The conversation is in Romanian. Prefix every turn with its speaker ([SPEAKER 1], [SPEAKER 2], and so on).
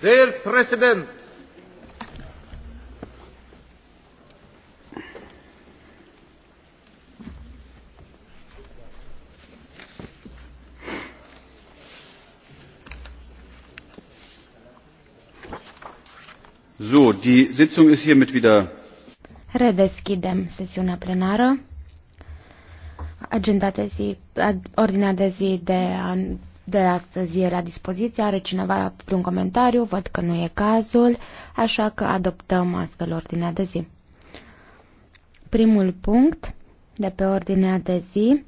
[SPEAKER 1] Dear President,
[SPEAKER 2] So, die Sitzung ist hiermit wieder.
[SPEAKER 3] Redeschidem sesiunea plenară. Agenda de zi, ordinea de zi de de astăzi e la dispoziție. Are cineva un comentariu? Văd că nu e cazul,
[SPEAKER 4] așa că adoptăm astfel ordinea de zi. Primul punct de pe ordinea de zi